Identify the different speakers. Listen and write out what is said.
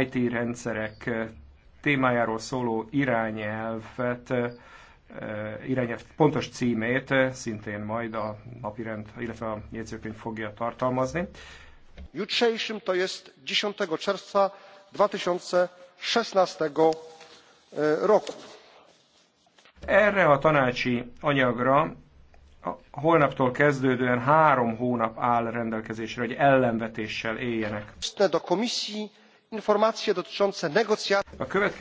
Speaker 1: IT rendszerek témájáról szóló irányelvet, irányelv pontos címét szintén majd a rend,
Speaker 2: illetve a jegyzőkönyv fogja tartalmazni. Jutrzejszym to jest 10 czerwca 2016 e, roku.
Speaker 1: Erre a tanácsi anyagra holnaptól kezdődően három hónap áll rendelkezésre, hogy ellenvetéssel éljenek. A következő